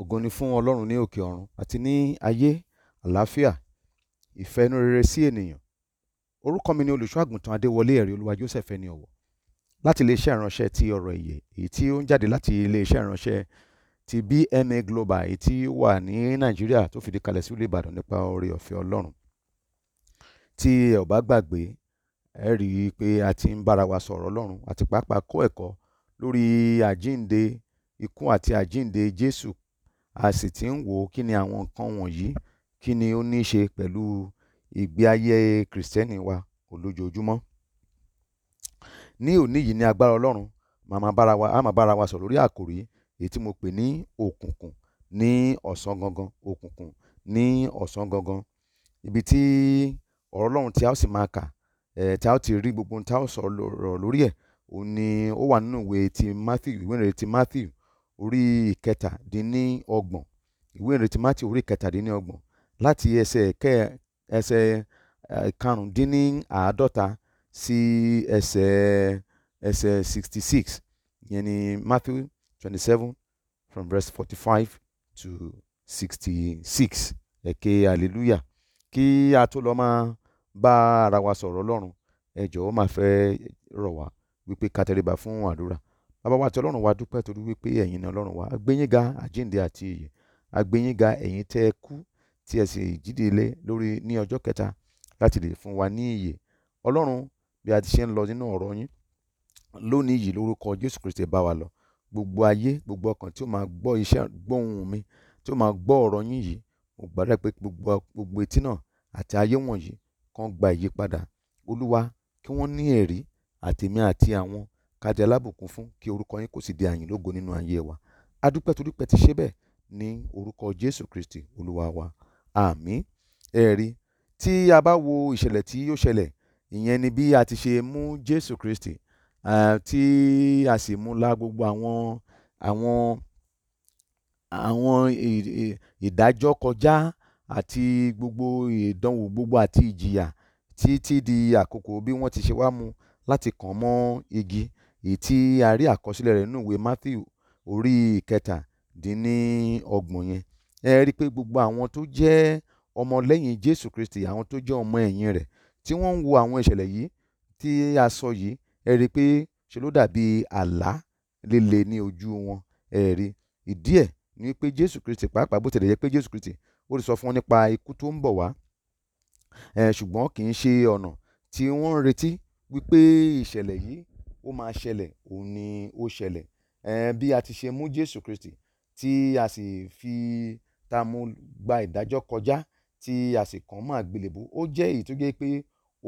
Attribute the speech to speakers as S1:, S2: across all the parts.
S1: ògo ni fún ọlọ́run ní òkè ọ̀run àti ní ayé àlàáfíà ìfẹ́ inú rere sí ènìyàn orúkọ mi ni olùṣọ́ àgùntàn adéwọlé ẹ̀rí olúwa joseph ẹni ọ̀wọ̀ láti iléeṣẹ́ ìránṣẹ́ ti ọ̀rọ̀ ìyè èyí tí ó ń jáde láti iléeṣẹ́ ìránṣẹ́ ti bma global èyí tí ó wà ní nàìjíríà tó fìdí kalẹ̀ sí ìbàdàn nípa oore ọ̀fẹ́ ọlọ́run tí ẹ ò bá gbàgbé ẹ rí i pé a ti ń bára wa sọ̀rọ̀ ọlọ́run àti pàápàá kọ́ ẹ̀kọ́ lórí àjínde ikú àti àjínde jésù a sì ti ń wò ó kí ni àwọn nǹkan wọ̀nyí kí ni ó ní í ṣe pẹ̀lú ìgbé ayé kìrìsìtẹ́nì wa olójoojúmọ́. Ní òní yìí ní agbára Ọlọ́run, màá máa bára wa, a máa bára wa sọ̀rọ̀ lórí àkòrí èyí tí mo pè ní òkùnkùn ní ọ̀sán gangan, òkùnkùn ní ọ̀sán gangan. Ibi tí ọ̀rọ̀ Ọlọ́run tí a ó sì máa kà, um tí a ó ti rí gbogbo ohun tí a ó sọ̀rọ̀ lórí ẹ̀, òun ni ó wà nínú ìwé ti Matthew, ìwé ìrere ti Matthew orí ìkẹtàdínníọgbọ̀n ìwé ìrètí Mátíù orí ìkẹtàdínníọgbọ̀n láti ẹsẹ̀ kẹ ẹsẹ̀ karùndínláàádọ́ta sí ẹsẹ̀ ẹsẹ̀ sixty six yẹn ni Matthew twenty seven from verse forty five to sixty six ẹ̀kẹ́ hallelujah kí a tó lọ máa bá ara wa sọ̀rọ̀ Ọlọ́run ẹ jọ̀wọ́ máa fẹ́ rọ̀ wá wípé ká fún àdúrà bàbá wa àti ọlọ́run wa dúpẹ́ torí wípé ẹ̀yin ni ọlọ́run wa agbẹ́yìnga àjíǹde àti iyè agbẹ́yìnga ẹ̀yin tẹ́ ẹ kú tí ẹ sì jíde lé lórí ní ọjọ́ kẹta láti lè fún wa ní iyè ọlọ́run bí a ti ṣe ń lọ nínú ọ̀rọ̀ yín lónìí yìí lórúkọ jésù kristi bá wa lọ gbogbo ayé gbogbo ọkàn tí ó máa gbọ́ iṣẹ́ gbóhùn mi tí ó máa gbọ́ ọ̀rọ̀ yín yìí mo gbàdúrà pé gbogbo etí náà àti ayé wọ̀nyí kan gba ìyípadà olúwa kí wọ́n ní ẹ̀rí àtèmi àti àwọn ká di alábùkún fún kí orúkọ yín kò sì di àyìn lógo nínú ayé wa a dúpẹ́ torí pé ti ṣe bẹ́ẹ̀ ní orúkọ Jésù Kristi olúwa wa àmín ẹ̀rí tí a bá wo ìṣẹ̀lẹ̀ tí ó ṣẹlẹ̀ ìyẹn ni bí a ti ṣe mú Jésù Kristi tí a sì mú la gbogbo àwọn àwọn àwọn ìdájọ́ kọjá àti gbogbo ìdánwò gbogbo àti ìjìyà títí di àkókò bí wọ́n ti ṣe wá mú láti kàn mọ́ igi èyí tí a rí àkọsílẹ̀ rẹ̀ nínú ìwé Mátíù orí ìkẹtàdínníọgbọ̀n yẹn ẹ rí i pé gbogbo àwọn tó jẹ́ ọmọlẹ́yìn Jésù Kristi àwọn tó jẹ́ ọmọ ẹ̀yìn rẹ̀ tí wọ́n ń wo àwọn ìṣẹ̀lẹ̀ yìí tí a sọ yìí ẹ rí i pé ṣe ló dàbí àlá líle ní ojú wọn ẹ rí ìdí ẹ̀ ni pé Jésù Kristi pàápàá bó tilẹ̀ jẹ́ pé Jésù Kristi ó ti sọ fún wọn nípa ikú tó ń bọ̀ wá ṣùgbọ́n kì í ṣe ọ̀nà tí wọ́n ń retí wípé ìṣẹ̀lẹ̀ yìí ó máa ṣẹlẹ̀ òun ni ó ṣẹlẹ̀ um bí a ti ṣe mú jésù kristi tí a sì fi tamu mú gba ìdájọ́ kọjá tí a sì kàn mọ́ àgbélébùú ó jẹ́ èyí tó jẹ́ pé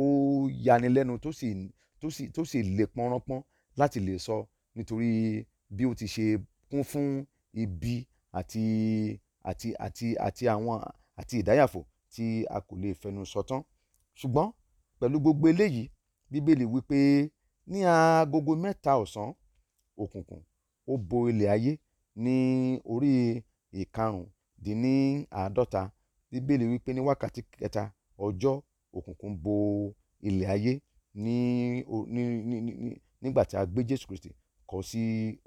S1: ó yanilẹ́nu tó sì tó pọ́nrọ́pọ́n láti lè sọ nítorí bí ó ti ṣe kún fún ibi àti àti àti àti àwọn àti ìdáyàfò tí a kò lè fẹnu sọ tán ṣùgbọ́n pẹ̀lú gbogbo eléyìí bíbélì wípé ní aagogo mẹ́ta ọ̀sán òkùnkùn ó bo ilẹ̀ ayé ní orí ìkarùn-ún-dín-ní-àádọ́ta bíbélì wí pé ní wákàtí kẹta ọjọ́ òkùnkùn bo ilẹ̀ ayé ní nígbà tí a gbé jésù kristi kọ sí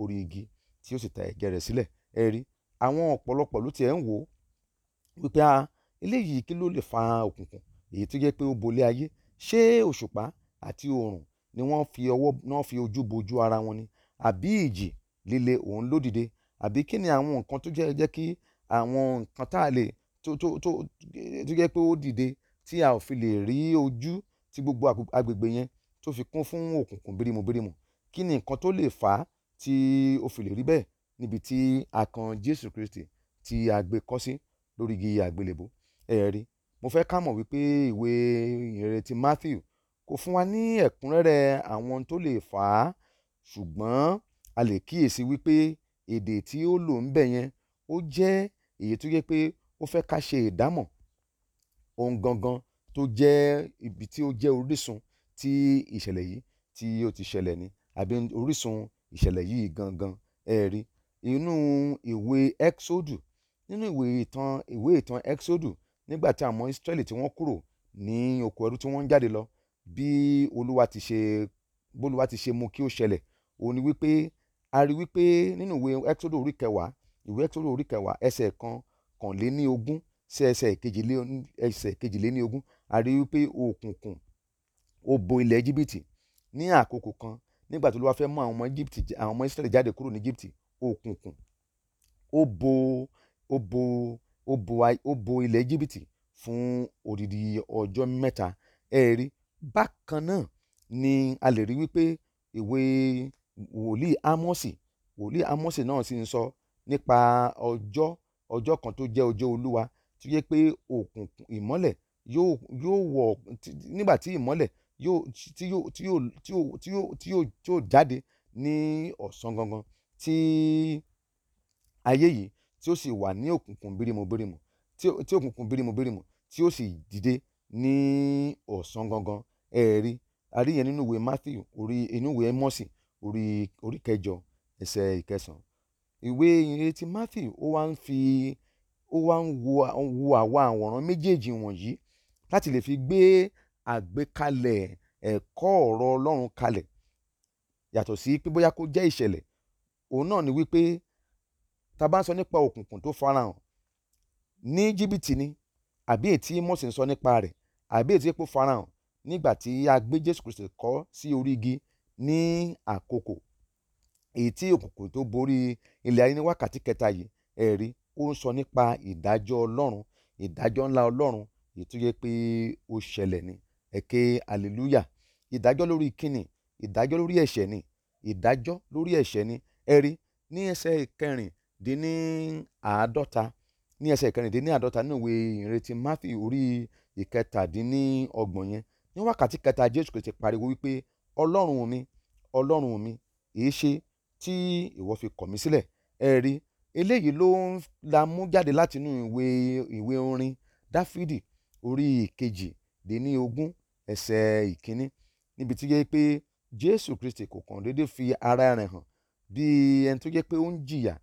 S1: orí igi tí ó sì ta ẹ̀jẹ̀ rẹ̀ sílẹ̀ ẹ rí àwọn ọ̀pọ̀lọpọ̀ ló tiẹ̀ ń wò ó wípé a eléyìí kí ló lè fa òkùnkùn èyí tó jẹ́ pé ó bolé ayé ṣé òṣùpá àti oòrùn ni wọ́n fi ọwọ́ náà fi ojú bojú ara wọn ni àbí ìjì líle òun ló dìde àbí kí ni àwọn nǹkan tó jẹ́ jẹ́ kí àwọn nǹkan tá a lè tó tó tó tó jẹ́ pé ó dìde tí a ò fi lè rí ojú tí gbogbo agbègbè yẹn tó fi kún fún òkùnkùn bírímù bírímù kí ni nǹkan tó lè fà á tí ó fi lè rí bẹ́ẹ̀ níbi tí a kan Jésù Kristi tí a gbé kọ́ sí lórí igi àgbélébó ẹ̀rí mo fẹ́ ká mọ̀ wípé ìwé ìrètí Matthew kò fún wa ní ẹ̀kúnrẹ́rẹ́ àwọn ohun tó lè fà á ṣùgbọ́n a lè kíyèsí wípé èdè tí ó lò ńbẹ̀ yẹn ó jẹ́ èyí tó jẹ́ pé ó fẹ́ ká ṣe ìdámọ̀ ohun gangan tó jẹ́ ibi tí ó jẹ́ orísun tí ìṣẹ̀lẹ̀ yìí tí ó ti ṣẹlẹ̀ ni àbí orísun ìṣẹ̀lẹ̀ yìí gangan ẹ rí inú ìwé exodu nínú ìwé ìtàn ìwé ìtàn exodu nígbà tí àwọn Ísírẹ́lì tí wọ́n kúrò ní oko ẹrú tí wọ́n ń jáde lọ bí olúwa ti ṣe bólúwa ti ṣe mú kí ó ṣẹlẹ̀ òun ni wípé a rí wípé nínú ìwé ẹ́kísódò orí kẹwàá ìwé ẹ́kísódò orí kẹwàá ẹsẹ̀ kan kànléní ogún sí ẹsẹ̀ kejìlé ẹsẹ̀ kejìléní ogún a rí wípé òkùnkùn ó bo ilẹ̀ íjíbítì ní àkókò kan nígbà tó ló fẹ́ mú àwọn ọmọ íjíbítì àwọn ọmọ ísírẹ́lì jáde kúrò ní íjíbítì òkùnkùn ó bo ó bo ó bo ó bo ilẹ̀ íjíbítì fún odidi ọjọ́ mẹ́ta ẹ bákan náà ni a lè rí i wí pé ìwé wòlíì ámósì wòlíì ámósì náà sì ń sọ nípa ọjọ́ ọjọ́ kan tó jẹ́ ọjọ́ olúwa tó yẹ pé òkùnkùn ìmọ́lẹ̀ yóò yóò wọ̀ nígbà tí ìmọ́lẹ̀ yóò tí yóò tí yóò tí yóò tí yóò tí yóò tí yóò jáde ní ọ̀sán gangan tí ayé yìí tí ó sì wà ní òkùnkùn birimubirimu tí òkùnkùn birimubirimu tí ó sì dìde ní ọ̀sán gangan ẹ rí a rí yẹn nínú ìwé Matthew orí inú ìwé Mọ́sì orí orí kẹjọ ẹsẹ̀ ìkẹsàn-án ìwé ìyìn ti Matthew ó wá ń fi ó wá ń wo àwa àwòrán méjèèjì wọ̀nyí láti lè fi gbé àgbékalẹ̀ ẹ̀kọ́ ọ̀rọ̀ Ọlọ́run kalẹ̀ yàtọ̀ sí pé bóyá kó jẹ́ ìṣẹ̀lẹ̀ òun náà ni wípé tá a bá ń sọ nípa òkùnkùn tó farahàn ní jìbìtì ni àbí èyí tí mósè ń sọ nípa rẹ̀ àbí èyí tí epo farahàn nígbà tí a gbé jésù kristu kọ́ sí orí igi ní àkókò èyí tí òkùnkùn tó borí ilẹ̀ ayé ní wákàtí kẹta yìí ẹ̀rí ó ń sọ nípa ìdájọ́ ọlọ́run ìdájọ́ ńlá ọlọ́run èyí pé ó ṣẹlẹ̀ ni ẹ̀kẹ́ hallelujah ìdájọ́ lórí kíni ìdájọ́ lórí ẹ̀ṣẹ̀ ni ìdájọ́ lórí ẹ̀ṣẹ̀ ni ẹ̀rí ní ẹsẹ̀ kẹrìndínláàádọ́ta ní ẹsẹ̀ ìkẹrìndínláàdọ́ta ní ìwé ìrètí Matthew orí ìkẹtàdínníọgbọ̀n yẹn ní wákàtí kẹta Jésù Kristi pariwo wípé ọlọ́run mi ọlọ́run mi èé ṣe tí ìwọ fi kọ̀ mí sílẹ̀ ẹ rí eléyìí ló ń la mú jáde látinú ìwé ìwé orin Dáfídì orí ìkejì dé ní ogún ẹsẹ̀ ìkíní níbi tí yẹ pé Jésù Kristi kò kàn déédé fi ara rẹ̀ hàn bí ẹni tó yẹ pé ó ń jìyà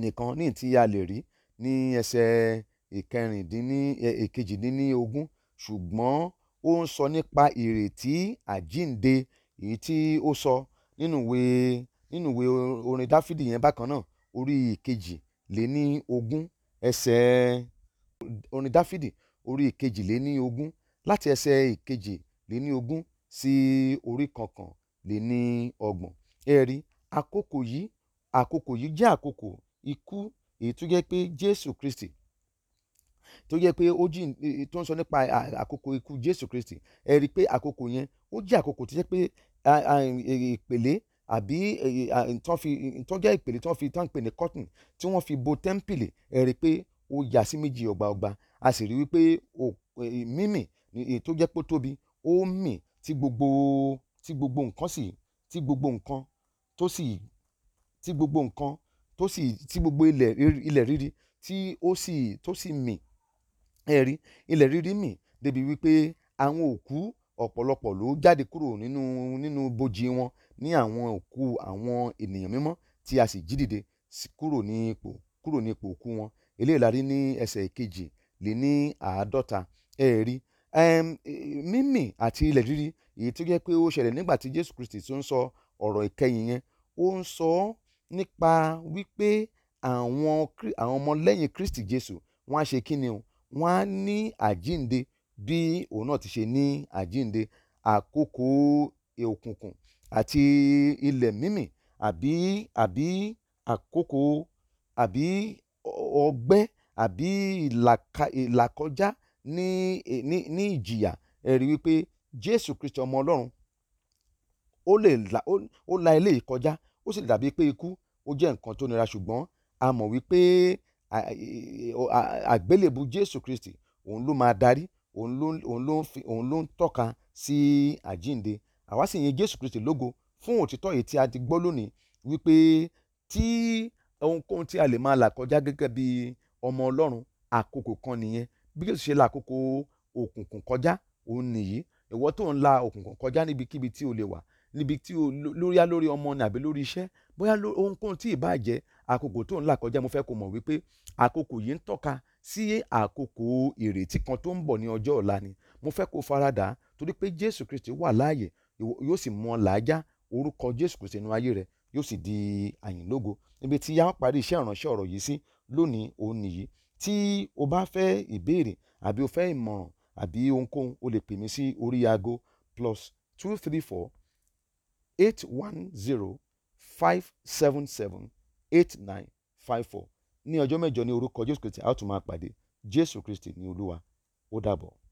S1: nìkan ní tí lè rí ní ẹsẹ̀ ìkejìdínlógún ṣùgbọ́n ó ń sọ nípa ìrètí àjíǹde èyí tí ó sọ nínú ìwé nínú ìwé orin dáfídì yẹn bákan náà orí ìkejì lé ní ogún ẹsẹ̀ orin dáfídì orí ìkejì lé ní ogún láti ẹsẹ̀ ìkejì lé ní ogún sí orí kọ̀ọ̀kan lé ní ọgbọ̀n ẹ rí àkókò yìí àkókò yìí jẹ́ àkókò ikú èyí tó jẹ́ pé jésù kristi tó jẹ́ pé ó jìn tó ń sọ nípa àkókò ikú jésù kristi ẹ rí i pé àkókò yẹn ó jẹ́ àkókò tó jẹ́ pé ìpèlè àbí tán jẹ́ ìpèlè tán fi tán pè ní cotton tí wọ́n fi bo tẹ́ḿpìlì ẹ rí i pé ó yà sí méjì ọgbàọgbà a sì rí i pé mímì tó jẹ́ pé ó tóbi ó mì tí gbogbo tí gbogbo nǹkan sì tí gbogbo nǹkan tó sì tí gbogbo nǹkan tó sì tí gbogbo ilẹ̀ ilẹ̀ ríri tí ó sì tó sì mì ẹ̀rí ilẹ̀ ríri mì débi wípé àwọn òkú ọ̀pọ̀lọpọ̀ ló jáde kúrò nínú nínú bojì wọn ní àwọn òkú àwọn ènìyàn mímọ́ tí a sì jí dìde kúrò ní ipò kúrò ní ipò òkú wọn eléyìí la rí ní ẹsẹ̀ kejì lé ní àádọ́ta ẹ̀rí mímì àti ilẹ̀ ríri èyí tó jẹ́ pé ó ṣẹlẹ̀ nígbà tí Jésù Kristi tó ń sọ ọ̀rọ̀ ìkẹyìn yẹn ó ń sọ ọ́ nípa wípé àwọn àwọn ọmọlẹ́yìn kristi jésù wọ́n á ṣe kíni o wọ́n á ní àjínde bí òun náà ti ṣe ní àjínde àkókò òkùnkùn àti ilẹ̀ mímì àbí àbí àkókò àbí ọgbẹ́ àbí ìlàkọjá ní ní ní ìjìyà ẹ rí wípé jésù kristi ọmọ ọlọ́run ó lè la ó la eléyìí kọjá ó sì dàbí pé ikú ó jẹ́ nǹkan tó nira ṣùgbọ́n a mọ̀ wípé àgbélébù jésù kristi òun ló máa darí òun ló ń tọ́ka sí àjínde àwa sì yin jésù kristi lógo fún òtítọ́ èyí tí a ti gbọ́ lónìí wípé tí ohunkóhun tí a lè máa là kọjá gẹ́gẹ́ bí ọmọ ọlọ́run àkókò kan nìyẹn bí jésù ṣe là àkókò òkùnkùn kọjá òun nìyí ìwọ tó ń la òkùnkùn kọjá níbikíbi tí o lè wà níbi tí o lórí á lórí ọmọ ni àbí lórí iṣẹ́ bóyá ohunkóhun tí ìbá jẹ́ àkókò tó ń là kọjá mo fẹ́ kó mọ̀ wípé àkókò yìí ń tọ́ka sí àkókò ìrètí kan tó ń bọ̀ ní ọjọ́ ọ̀la ni mo fẹ́ kó faradà torí pé Jésù Kristi wà láàyè yóò sì mú làájá orúkọ Jésù Kristi nínú ayé rẹ yóò sì di àyìnlógo níbi tí yá ń parí iṣẹ́ ìránṣẹ́ ọ̀rọ̀ yìí sí lónìí òun nìyí tí o bá fẹ́ ìbéèrè àbí o fẹ́ ìmọ̀ràn àbí ohunkóhun o lè pè mí sí orí aago plus two three four eight one zero five seven seven eight nine five four ní ọjọ́ mẹ́jọ ní orúkọ jésù kristi a ó tún máa pàdé jésù kristi ní olúwa ó dàbọ̀.